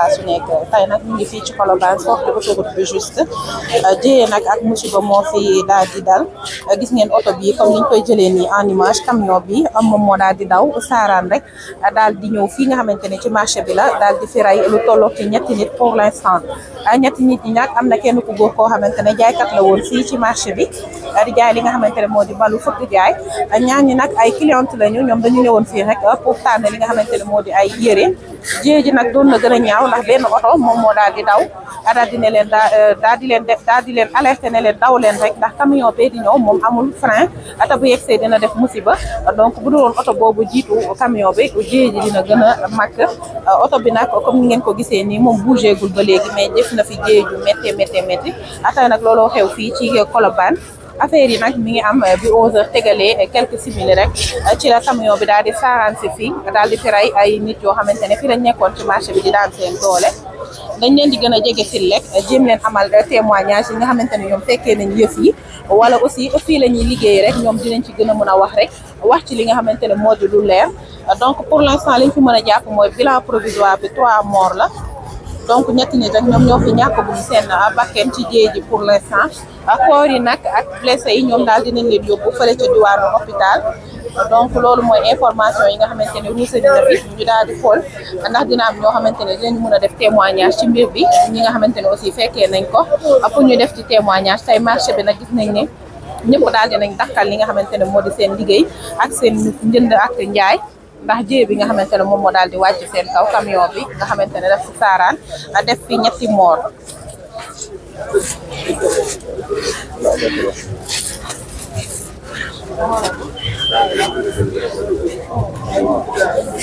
saa su nekk tey nag ñu ngi fii ci Colobane sorti autoroute bi juste euh, jëyee nag ak ba moo fi daal di dal euh, gis ngeen oto bi comme niñ koy jëlee nii en image bi bi moom moo daal di daw saaraan rek euh, daal di ñëw fii nga xamante ne ci marché bi la daal di fi rey lu tolloog ci ñetti nit pour l'instant ñetti nit ñi nag am na kenn ku góor koo xamante ne jaaykat la woon fii ci marché bi di jaay li nga xamante ne moo di mbalu fëkk jaay ñaan ñi nag ay cliente lañu ñoom dañu ñëwoon fii rek pour tànn li nga xamante ne moo di ay yére jie ji nag doon na gën a ñaaw ndax benn oto moom moo daal di daw daal di ne leen euh, daal di leen def daal di alerté ne leen daw leen rek ndax camion bee di moom amul frein ata bu yegsee dina def musiba donc bu doon oto boobu jiitu camion bi jie ji dina gën a màgg euh, oto bi nag comme ni ngeen ko gisee nii moom bougéegul ba léegi mais def na fi jie ju métti métti métti ata nag looloo xew fii ci Colobane affaire yi nag mi ngi am euh, bi 11h tegalee euh, quelques simili rek euh, ci la camion bi daal di saaraan si fii daal di firay ay nit yoo xamante ne fii lañ nekkoon ci marché bi di daan seen doole dañ leen di gën a jege fil rek jéem leen amal témoignage yi nga xamante ne ñoom fekkee nañ yëf yi wala aussi fii la ñuy liggéey rek ñoom dinañ ci gën a mën a wax rek wax ci li nga xamante ne moo di lu leer donc pour l'instant lañ fi mën a jàpp mooy bilan provisoire bi trois morts la donc ñetti nit rek ñoom ñoo fi ñàkk bu seen bakken ci jéej ji pour l'instant corps yi nag ak blessé yi ñoom daal dinañ leen yóbbu fële ca diwaanu hôpital donc loolu mooy information yi nga xamante ne ruuse dina fi ñu daal di xool ndax dina am ñoo xamante ne dinañ mën def témoignage ci mbir bi ñi nga xamante ne aussi fekkee nañ ko a pour ñu def ci témoignage tey marché bi nag gis nañ ne ñëpp daal di dinañ dakkal li nga xamante ne moo di seen liggéey ak seen njënd ak njaay ndax jéey bi nga xamante ne moom moo daal di wàcc seen kaw camion bi nga xamante ne daf si saaraan def fi ñetti moor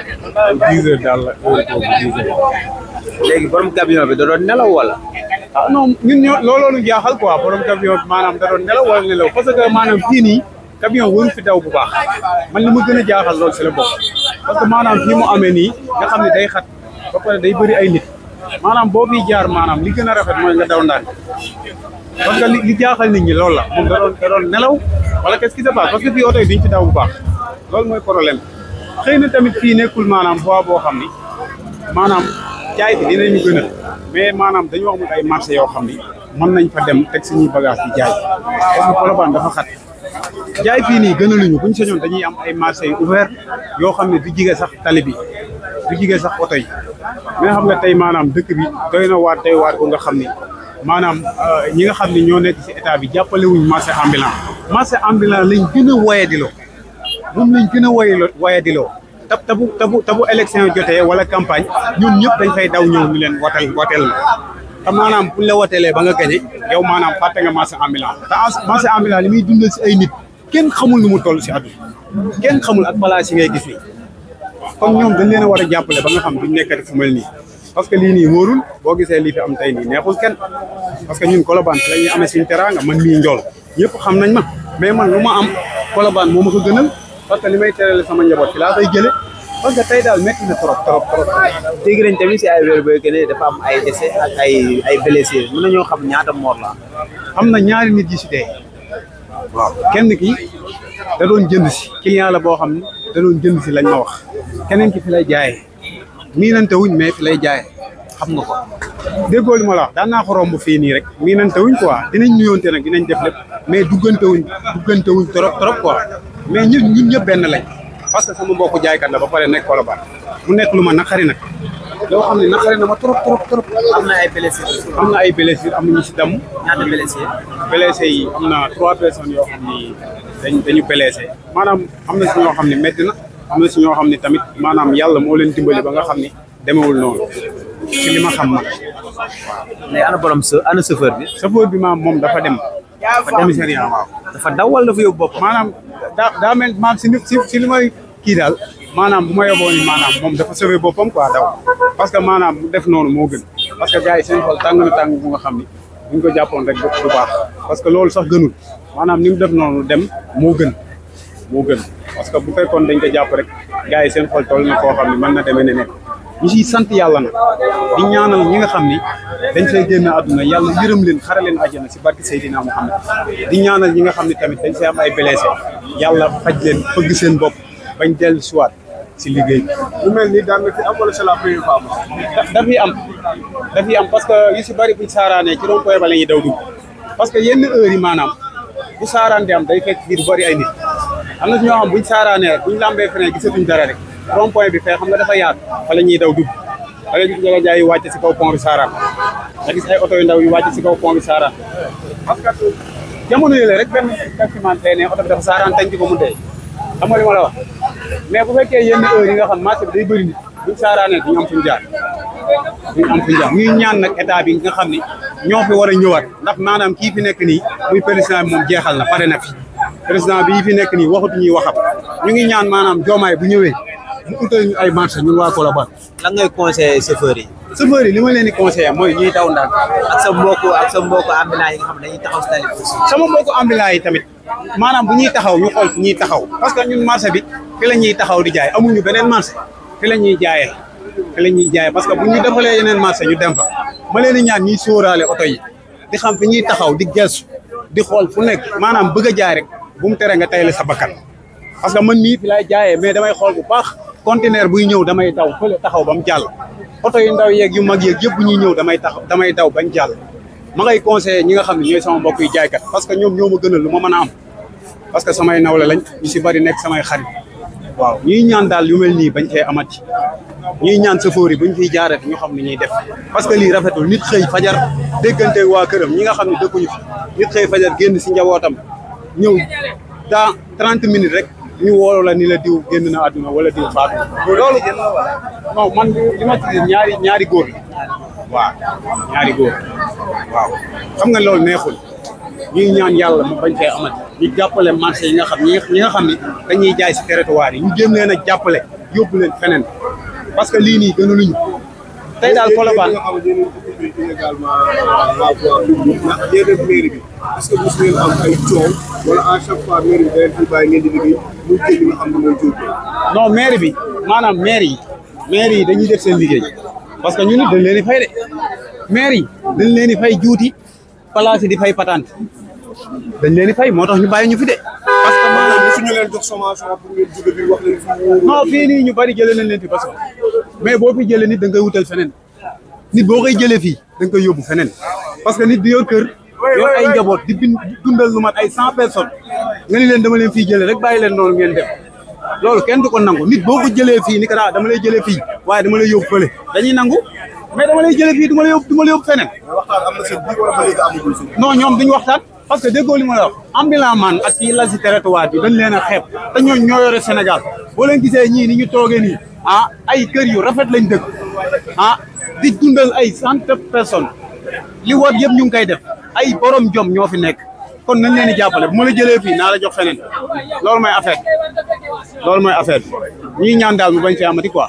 dix heures la heure boobu dix heures. léegi borom camion bi da nelaw wala. a ah, non ñun ñoo looloo ñu jaaxal ko borom camion bi maanaam da doon nelaw wala nelaw parce que maanaam fii nii camion waru fi daw bu baax man li ma gën a jaaxal lool si la bokk parce que maanaam fii mu amee nii nga xam ne day xat ba pare day bëri ay nit maanaam boo fiy jaar maanaam li gën a rafet mooy nga daw ndànk parce que li jaaxal nit ñi loolu la moom da doon da doon nelaw wala qu'est-ce qui se passe parce que fii oto yi fi daw bu baax loolu mooy xëy na tamit fii nekkul maanaam bois boo xam ni maanaam jaay bi dinañu gën a mais maanaam dañoo amul ay marché yoo xam ni mën nañ fa dem teg suñuy bagage di jaay parce que Colobane dafa xat jaay fii gën a luñu buñ sañoon dañuy am ay marché yu yoo xam ne du jige sax tali bi du jige sax oto yi mais xam nga tey maanaam dëkk bi doy na waar tey waar ko nga xam ni maanaam euh, ñi nga xam ni ñoo nekk ci état bi jàppalewuñ marché ambulant marché ambulant lañ gën a woyadiloo moom lañ gën a waylo wayadiloo tab tabu tabu tabu élection jotee wala campagne ñun ñëpp dañ fay daw ñëw ñu leen watal wateel la te maanaam buñ ba nga gañe yow maanaam fàtte nga marché ambulant te marché ambulant li muy dundal ay nit kenn xamul nu mu toll si àdduna kenn xamul ak place yi ngay gis nii kon ñoom dañ leen a war a jàppale ba nga xam duñ nekkati fu mel nii parce que lii nii wóorul boo gisee lii fi am tey nii neexul kenn parce que ñun Colobane la ñuy amee suñu teraanga man mii njool ñëpp xam nañ ma mais man lu ma am Colobane moo ma ko gënal parce que li may terale sama njaboot fi laa koy jële parce que tey daal métti na trop trop trop. dégg nañ tamit si ay wér booy que ne dafa am ay décès ak ay ay blessé mën nañoo xam ñaata moor la am na ñaari nit yi si waaw kenn ki da doon jënd si client boo xam ne da doon jënd si lañ ma wax keneen ki fi lay jaayee miinante mais lay jaayee xam nga ko déggoo li ma la wax daan naa ko romb fii nii rek miinante wuñ quoi dinañ nuyoonte nag dinañ def lépp mais duggante wuñ duggante wuñ trop trop quoi. mais ñun ñun ñëpp benn lañ parce que sama mbokk jaay jaaykat la ba paré nek ko koloban mu nek luma nakari nak nag xamni nakari na ma trop trop trop amna ay blessé amna ay blessé amna ñu ci dam ñaata blessé blessé yi amna na trois personnes yo xamni dañ dañu blessé manam amna ci ñoo xamni metti na amna ci ñoo xamni tamit manam yalla mo leen dimbali ba nga xamni demewul non ci lima xam ma waaw mais ana borom se ana chauffeur bi chauffeur bi ma mom dafa dem dafa dem dafa daw wala dafa yóbbu bop manam daa daa mel maam si si si li maanaam bu ma yoboo ni maanaam moom dafa sauvé boppam quoi daw parce que maanaam def noonu moo gën parce que gars yi seen xol tàng na tàng bu nga xam ni bu ñu ko jàppoon rek du baax parce que loolu sax gënul maanaam ni mu def noonu dem moo gën moo gën parce que bu fekkoon dañ ko jàpp rek gars yi seen xol toll na koo xam ne mën na demee ne nekk ñu sant yàlla na di ñaanal ñi nga xam ni dañ fay génn àdduna yàlla yërëm leen xare leen àjjana si barke Seydina Muhammad di ñaanal ñi nga xam ne tamit dañ fay am ay blessé yàlla faj leen fëgg seen bopp bañ dellu siwaat si liggéey bi. mel ni daan nga fi am wala c'est la première fois daf yi am daf am parce que yu si bëri buñ saaraanee ci rond-point ba la ñuy daw dugg parce que yenn heures yi maanaam bu saaraan am day fekk biir bëri ay nit am na si ñoo xam buñ saaraanee rek buñ lambee feneen gisatuñ dara rek rond-point bi fee xam nga dafa yaat fa la ñuy daw dugg da ngay gis njëriñ jaay yu wàcc si kaw pont bi Sarane nga gis ay oto yu ndaw yu wàcc si kaw pont bi Sarane parce que jamono yële rek benn taximan ne oto bi dafa Sarane tañ ci ko mu tey xam nga li ma la wax mais bu fekkee yenn heure yi nga xam marché bi day bëri nit buñ saaraanee duñu jaar duñ ñaan nag état bi nga xam ne ñoo fi war a ñëwaat ndax maanaam kii fi nekk nii muy président bi moom jeexal na pare na fi président bi fi nekk nii waxatu ñuy waxam ñu ngi ñaan maanaam joomaay bu ñëwee mu utal ñu ay marché ñun waa Colobane. lan ngay conseillé chauffeur yi. chauffeur yi li ma leen di conseillé mooy ñuy daw ak sa mbokku ak sa mbokku ambulant yi nga sama mbokku ambulant yi tamit maanaam bu ñuy taxaw ñu xool fi ñuy taxaw parce que ñun marché bi fi la ñuy taxaw di jaay amuñu beneen marché fi la ñuy jaayee fi la ñuy jaayee parce que bu ñu defalee yeneen marché ñu dem ma leen di ñaan ñuy sóoraale oto di xam fi ñuy taxaw di gestu di xool fu nekk maanaam bëgg a jaay rek bu mu tere nga tayale sa bakkan parce que conteneur buy ñëw damay taw fële taxaw ba mu jàll oto yu ndaw yeeg yu mag yeeg yëpp bu ñuy ñëw damay taxaw damay daw bañ jàll ma ngay conseillé ñi nga xam ne ñooy sama mbokk yi jaaykat parce que ñoom ñoo ma lu ma mën a am parce que samay nawle lañ ñu si bari nekk samay xarit waaw ñuy ñaan daal yu mel nii bañ fee amati ñuy ñaan sëfoor yi buñ fiy jaarati ñu xam ni ñuy def parce que lii rafetul nit xëy fajar déggante waa këram ñi nga xam ne dëkkuñu fi nit xëy fajar génn si njabootam ñëw trente minutes rek ñu wóolu la ni la diw génn na àdduna wala diw faatu loolu non man li ma tudd ñaari ñaari góor ñaari góor waaw xam nga loolu neexul ñuy ñaan yàlla mu bañ fee amati ñu jàppale marché yi nga xam ñi nga xam ne dañuy jaay si territoire yi ñu jéem leen a jàppale yóbbu leen feneen parce que lii nii tey daal Colobane non mairie bi maanaam mairie yi mairie yi dañuy def seen liggéey parce que ñu nit dañ di fay de mairie yi dañ leen di fay juuti place yi di fay patante dañ leen di fay moo tax ñu bàyyi ñu fi de parce que maanaam suñu leen jox sommation pour ngeen jóge bi wax leen ñu bari jëlee nañ leen fi parce que mais boo fi jëlee nit danga nga koy wutal feneen nit boo koy jëlee fii da koy yóbbu feneen parce que nit di yor kër yor ay njaboot di bind dundal lu mat ay cent personnes nga leen dama leen fii jëlee rek bàyyi leen noonu ngeen def loolu kenn du ko nangu nit boo ko jëlee fii ni que dama lay jëlee fii waaye dama lay yóbbu fële dañuy nangu mais dama lay jëlee fii duma ma lay yóbbu du ma lay yóbbu feneen. waxtaan am na seen waxtaan parce que déggoo li ma la wax ambulant man ak ci lasi territoire bi dañ leen a xeeb te ñooñu Sénégal boo gisee ñii ni ñu toogee nii ah ay kër yu rafet lañ dëkk ah di dundal ay cent personnes li war yëpp ñu ngi koy def ay borom jom ñoo fi nekk kon nañ leen di jàppale bu ma la jëlee fii naa la jox feneen loolu mooy affaire loolu mooy affaire bi ñuy ñaan daal mu bañ fi amati quoi.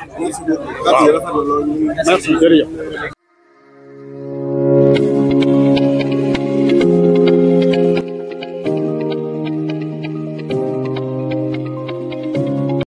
waaw merci jërëjëf.